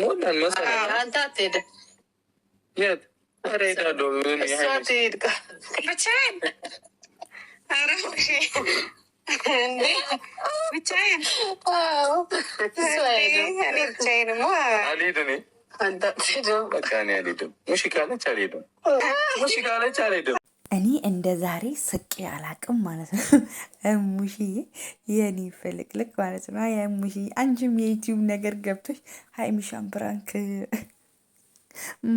ሞላን መሰለኝ። አንተ አትሄድም። የት ኧረ እሄዳለሁ። እሷ ትሄድ ብቻዬን። ኧረ እንዴ ብቻዬን ብቻዬንማ አልሄድም። እኔ አንተ አትሄድም። በቃ እኔ አልሄድም። ሙሽ ካለች አልሄድም። ሙሽ ካለች አልሄድም። እኔ እንደ ዛሬ ስቅ አላቅም ማለት ነው። እሙሽዬ የኔ ፍልቅልቅ ማለት ነው። አይ እሙሽዬ አንቺም የዩቲዩብ ነገር ገብቶች ሀይሚሻን ፕራንክ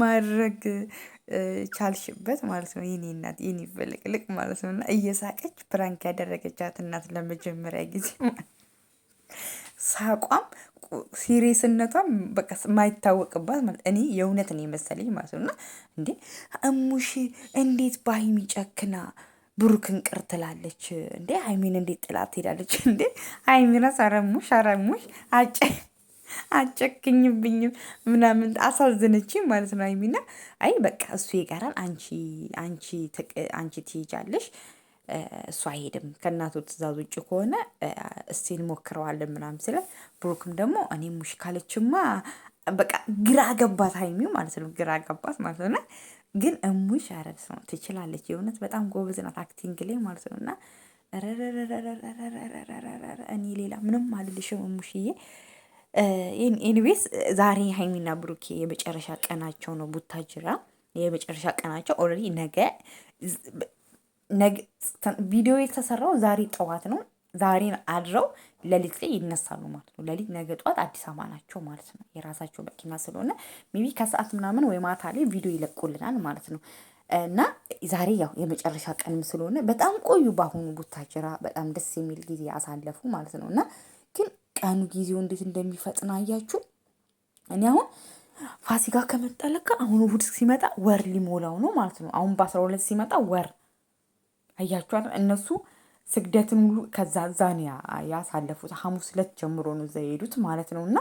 ማድረግ ቻልሽበት ማለት ነው። የኔ እናት የኔ ፍልቅልቅ ማለት ነው። እና እየሳቀች ፕራንክ ያደረገቻት እናት ለመጀመሪያ ጊዜ ማለት ነው። ሳቋም ሲሪየስነቷም በቃ የማይታወቅባት ማለት እኔ የእውነት ነው የመሰለኝ ማለት ነው። እና እንዴ እሙሽ እንዴት በሀይሚ ጨክና ብሩክን ቅር ትላለች እንዴ? ሀይሚን እንዴት ጥላት ትሄዳለች እንዴ? ሀይሚ ራስ አረሙሽ አረሙሽ አጨ አጨክኝብኝም ምናምን አሳዝነች ማለት ነው። ሀይሚና አይ በቃ እሱ የጋራን አንቺ አንቺ አንቺ ትሄጃለሽ እሱ አይሄድም ከእናቱ ትእዛዝ ውጭ ከሆነ እስቲ እንሞክረዋለን ምናምን ስለ ብሩክም ደግሞ እኔ ሙሽ ካለችማ በቃ ግራ ገባት ሀይሚ ማለት ነው። ግራ ገባት ማለት ነው። ግን እሙሽ አረስ ነው ትችላለች። የእውነት በጣም ጎበዝ ናት አክቲንግ ላይ ማለት ነው። እና እኔ ሌላ ምንም አልልሽም እሙሽዬ። ኤኒዌይስ ዛሬ ሀይሚና ብሩኬ የመጨረሻ ቀናቸው ነው ቡታጅራ የመጨረሻ ቀናቸው ኦልሬዲ ነገ ቪዲዮ የተሰራው ዛሬ ጠዋት ነው። ዛሬን አድረው ለሊት ላይ ይነሳሉ ማለት ነው። ለሊት ነገ ጠዋት አዲስ አበባ ናቸው ማለት ነው። የራሳቸው መኪና ስለሆነ ሚቢ ከሰዓት ምናምን ወይ ማታ ላይ ቪዲዮ ይለቁልናል ማለት ነው። እና ዛሬ ያው የመጨረሻ ቀንም ስለሆነ በጣም ቆዩ። በአሁኑ ቡታጅራ በጣም ደስ የሚል ጊዜ አሳለፉ ማለት ነው። እና ግን ቀኑ ጊዜው እንዴት እንደሚፈጥን አያችሁ። እኔ አሁን ፋሲካ ከመጣ ለካ አሁን እሑድ ሲመጣ ወር ሊሞላው ነው ማለት ነው። አሁን በአስራ ሁለት ሲመጣ ወር አያችኋል። እነሱ ስግደትን ሙሉ ከዛ ዛንያ ያሳለፉት ሐሙስ ዕለት ጀምሮ ነው እዛ የሄዱት ማለት ነው። እና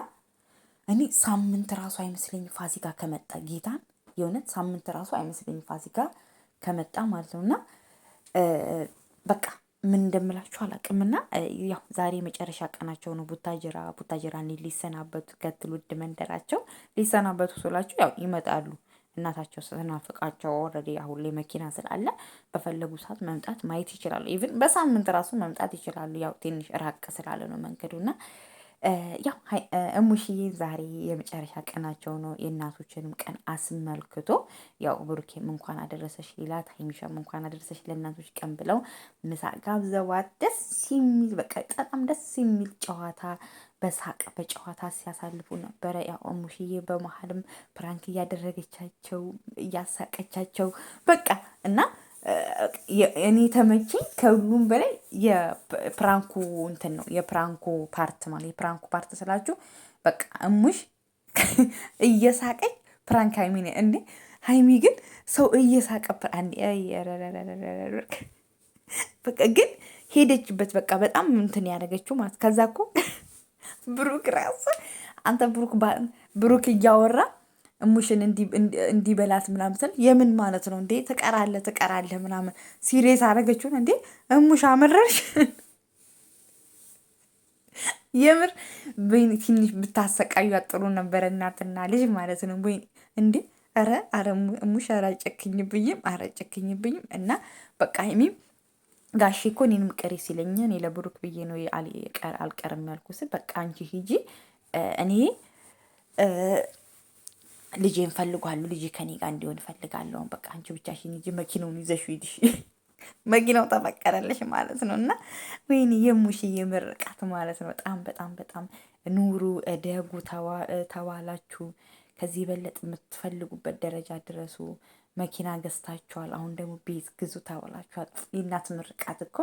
እኔ ሳምንት ራሱ አይመስለኝ ፋሲካ ከመጣ ጌታን የእውነት ሳምንት ራሱ አይመስለኝ ፋሲካ ከመጣ ማለት ነው። እና በቃ ምን እንደምላችሁ አላውቅምና ያው ዛሬ መጨረሻ ቀናቸው ነው። ቡታጀራ ቡታጀራ ሊሰናበቱ ከትል ውድ መንደራቸው ሊሰናበቱ ስላችሁ ያው ይመጣሉ እናታቸው ስትናፍቃቸው ኦልሬዲ አሁን ላይ መኪና ስላለ በፈለጉ ሰዓት መምጣት ማየት ይችላሉ። ኢቭን በሳምንት ራሱ መምጣት ይችላሉ። ያው ትንሽ ራቅ ስላለ ነው እና ያው እሙሽዬ ዛሬ የመጨረሻ ቀናቸው ነው። የእናቶችንም ቀን አስመልክቶ ያው ብሩኬም እንኳን አደረሰሽ ሊላት፣ ሀይሚሻም እንኳን አደረሰሽ ለእናቶች ቀን ብለው ምሳ ጋብዘዋት ደስ የሚል በቃ በጣም ደስ የሚል ጨዋታ በሳቅ በጨዋታ ሲያሳልፉ ነበረ። ያው እሙሽዬ በመሀልም ፕራንክ እያደረገቻቸው እያሳቀቻቸው በቃ እና እኔ ተመቸኝ። ከሁሉም በላይ የፕራንኩ እንትን ነው የፕራንኩ ፓርት ማለት የፕራንኩ ፓርት ስላችሁ በቃ እሙሽ እየሳቀኝ ፕራንክ ሀይሚ ነ እንዴ ሀይሚ ግን ሰው እየሳቀ በቃ ግን ሄደችበት በቃ በጣም እንትን ያደረገችው ማለት ከዛ እኮ ብሩክ ራሱ አንተ ብሩክ ብሩክ እያወራ እሙሽን እንዲበላት ምናምን ስል የምን ማለት ነው እንዴ? ትቀራለህ ትቀራለህ ምናምን ሲሬስ አደረገችውን እንዴ? እሙሽ አመረርሽ? የምር ትንሽ ብታሰቃዩ አጥሩ ነበረ። እናትና ልጅ ማለት ነው ወይ እንዴ? ኧረ ኧረ እሙሽ ኧረ ጨክኝብኝም ኧረ ጨክኝብኝም እና በቃ ሀይሚም ጋሼ እኮ እኔንም ቅሪ ሲለኝ እኔ ለብሩክ ብዬ ነው አልቀርም ያልኩት። በቃ አንቺ ሂጂ እኔ ልጄን ፈልጓለሁ። ልጄ ከኔ ጋር እንዲሆን ይፈልጋለሁ። በቃ አንቺ ብቻሽን ሂጂ፣ መኪናውን ይዘሽ ሂድሽ። መኪናው ተፈቀደልሽ ማለት ነው። እና ወይኔ የሙሽ የምርቃት ማለት ነው። በጣም በጣም በጣም ኑሩ፣ እደጉ፣ ተባላችሁ። ከዚህ የበለጠ የምትፈልጉበት ደረጃ ድረሱ። መኪና ገዝታችኋል፣ አሁን ደግሞ ቤት ግዙ ተባላችኋል። የእናት ምርቃት እኮ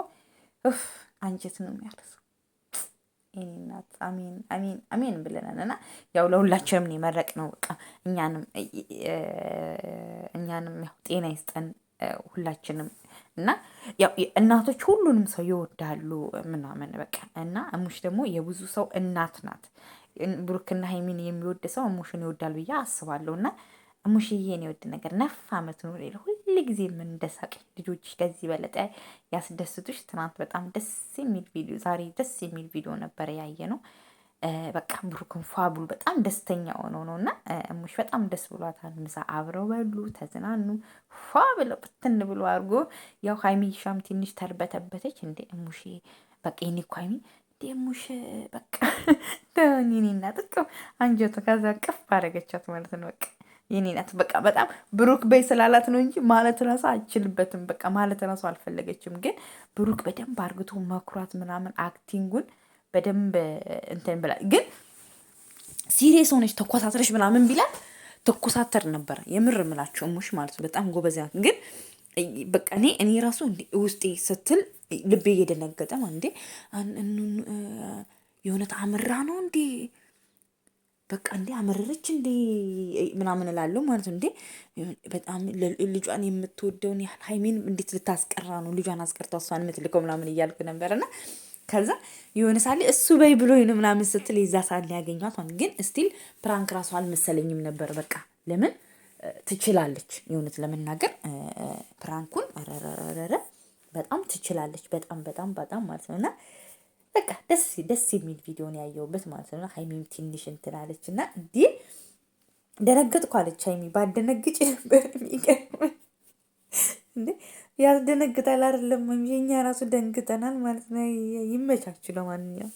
እፍ አንጀት ነው የሚያርሰው። የኔ እናት አሜን አሜን አሜን ብለናል። እና ያው ለሁላችንም ነው ነው በቃ እኛንም እኛንም ያው ጤና ይስጠን ሁላችንም እና ያው እናቶች ሁሉንም ሰው ይወዳሉ ምናምን በቃ እና እሙሽ ደግሞ የብዙ ሰው እናት ናት። ብሩክና ሀይሚን የሚወድ ሰው እሙሽን ይወዳል ብዬ አስባለሁ እና ሙሽዬ ነው የወድ ነገር ነፍ አመት ኑር ይል ሁል ጊዜ ምን እንደሳቅ ልጆች ከዚህ በለጠ ያስደስቱሽ። ትናንት በጣም ደስ የሚል ቪዲዮ፣ ዛሬ ደስ የሚል ቪዲዮ ነበረ ያየ ነው። በቃ ብሩክን ፏ በጣም ደስተኛ ሆኖ ነው እና እሙሽ በጣም ደስ ብሏታል። ምሳ አብረው በሉ፣ ተዝናኑ፣ ፏ ብትን ብሎ አድርጎ ያው ሀይሚ ሻም ትንሽ ተርበተበተች። እንደ እሙሽ በቃ ኔ እኮ ሀይሚ ሙሽ በቃ ተኒኒና ጥቅም አንጀቱ ከዛ ቅፍ አረገቻት ማለት ነው በቃ የኔ ናት። በቃ በጣም ብሩክ በይ ስላላት ነው እንጂ ማለት ራሱ አይችልበትም። በቃ ማለት ራሱ አልፈለገችም። ግን ብሩክ በደንብ አርግቶ መኩራት ምናምን አክቲንጉን በደንብ እንትን ብላ ግን ሲሪየስ ሆነች ተኮሳትረሽ ምናምን ቢላት ተኮሳተር ነበረ። የምር ምላቸው ሙሽ ማለት በጣም ጎበዝ ናት። ግን በቃ እኔ እኔ ራሱ ውስጤ ስትል ልቤ እየደነገጠ ማለት እንዴ የእውነት አምራ ነው እንዴ በቃ እንዲ አመረረች እንዴ ምናምን እላለሁ ማለት ነው። እንዴ በጣም ልጇን የምትወደውን ያህል ሀይሜን እንዴት ልታስቀራ ነው? ልጇን አስቀርታ እሷን የምትልከው ምናምን እያልኩ ነበርና ከዛ የሆነ ሳለ እሱ በይ ብሎ ነው ምናምን ስትል የዛ ሳለ ያገኟት፣ ግን ስቲል ፕራንክ ራሱ አልመሰለኝም ነበር። በቃ ለምን ትችላለች፣ የእውነት ለመናገር ፕራንኩን ረረረረ በጣም ትችላለች። በጣም በጣም በጣም ማለት ነው እና በቃ ደስ ደስ የሚል ቪዲዮ ነው ያየሁበት ማለት ነው። ሀይሚም ትንሽ እንትን አለች እና እንዲህ ደነገጥኩ አለች ሀይሚ። ባደነግጭ ነበር የሚገርመኝ እንዴ ያስደነግጣል አይደለም? የእኛ ራሱ ደንግጠናል ማለት ነው። ይመቻችሁ ለማንኛውም